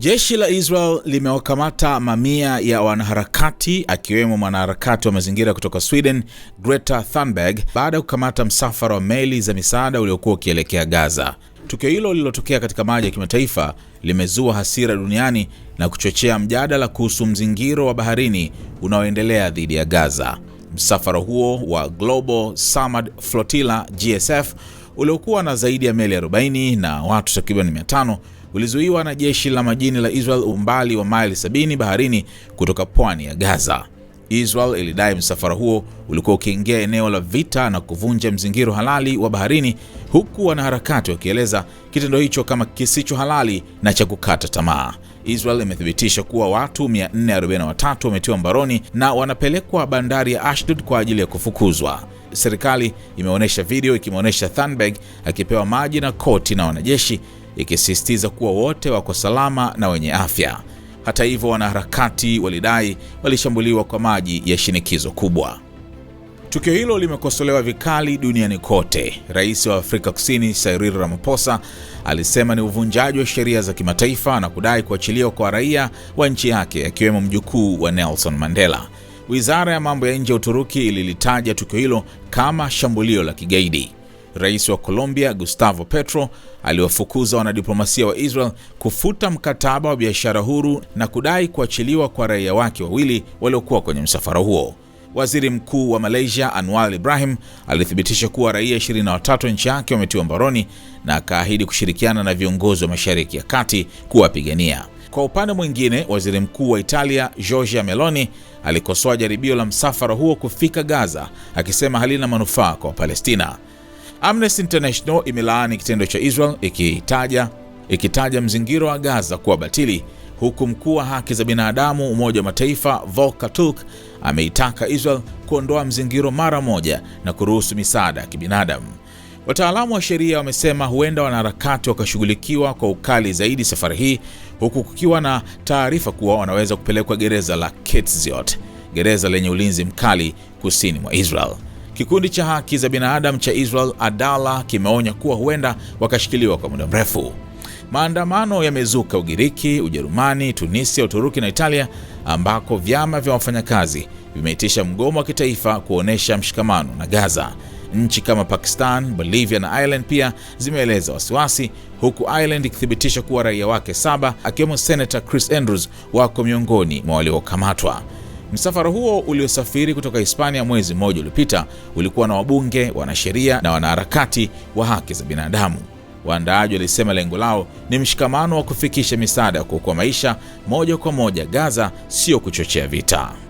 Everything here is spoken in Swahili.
Jeshi la Israel limewakamata mamia ya wanaharakati akiwemo mwanaharakati wa mazingira kutoka Sweden Greta Thunberg baada ya kukamata msafara wa meli za misaada uliokuwa ukielekea Gaza. Tukio hilo lililotokea katika maji ya kimataifa limezua hasira duniani na kuchochea mjadala kuhusu mzingiro wa baharini unaoendelea dhidi ya Gaza. Msafara huo wa Global Samad Flotilla GSF uliokuwa na zaidi ya meli 40 na watu takriban 500 ulizuiwa na jeshi la majini la Israel umbali wa maili sabini baharini kutoka pwani ya Gaza. Israel ilidai msafara huo ulikuwa ukiingia eneo la vita na kuvunja mzingiro halali wa baharini, huku wanaharakati wakieleza kitendo hicho kama kisicho halali na cha kukata tamaa. Israel imethibitisha kuwa watu 443 wametiwa mbaroni na wanapelekwa bandari ya Ashdod kwa ajili ya kufukuzwa. Serikali imeonyesha video ikimwonyesha Thunberg akipewa maji na koti na wanajeshi ikisisitiza kuwa wote wako salama na wenye afya. Hata hivyo, wanaharakati walidai walishambuliwa kwa maji ya shinikizo kubwa. Tukio hilo limekosolewa vikali duniani kote. Rais wa Afrika Kusini Cyril Ramaphosa alisema ni uvunjaji wa sheria za kimataifa na kudai kuachiliwa kwa raia wa nchi yake akiwemo mjukuu wa Nelson Mandela. Wizara ya mambo ya nje ya Uturuki ililitaja tukio hilo kama shambulio la kigaidi. Rais wa Colombia Gustavo Petro aliwafukuza wanadiplomasia wa Israel kufuta mkataba wa biashara huru na kudai kuachiliwa kwa raia wake wawili waliokuwa kwenye msafara huo. Waziri Mkuu wa Malaysia Anwar Ibrahim alithibitisha kuwa raia 23 nchi yake wametiwa mbaroni na akaahidi kushirikiana na viongozi wa Mashariki ya Kati kuwapigania. Kwa upande mwingine, waziri mkuu wa Italia Giorgia Meloni alikosoa jaribio la msafara huo kufika Gaza akisema halina manufaa kwa Palestina. Amnesty International imelaani kitendo cha Israel ikitaja ikitaja mzingiro wa Gaza kuwa batili, huku mkuu wa haki za binadamu Umoja wa Mataifa Volker Turk ameitaka Israel kuondoa mzingiro mara moja na kuruhusu misaada ya kibinadamu. Wataalamu wa sheria wamesema huenda wanaharakati wakashughulikiwa kwa ukali zaidi safari hii, huku kukiwa na taarifa kuwa wanaweza kupelekwa gereza la Ketziot, gereza lenye ulinzi mkali kusini mwa Israel. Kikundi cha haki za binadamu cha Israel Adala kimeonya kuwa huenda wakashikiliwa kwa muda mrefu. Maandamano yamezuka Ugiriki, Ujerumani, Tunisia, Uturuki na Italia ambako vyama vya wafanyakazi vimeitisha mgomo wa kitaifa kuonesha mshikamano na Gaza. Nchi kama Pakistan, Bolivia na Ireland pia zimeeleza wasiwasi, huku Ireland ikithibitisha kuwa raia wake saba akiwemo Senator Chris Andrews wako miongoni mwa waliokamatwa. Msafara huo uliosafiri kutoka Hispania mwezi mmoja uliopita ulikuwa na wabunge, wanasheria na wanaharakati wa haki za binadamu. Waandaaji walisema lengo lao ni mshikamano wa kufikisha misaada ya kuokoa maisha moja kwa moja Gaza, sio kuchochea vita.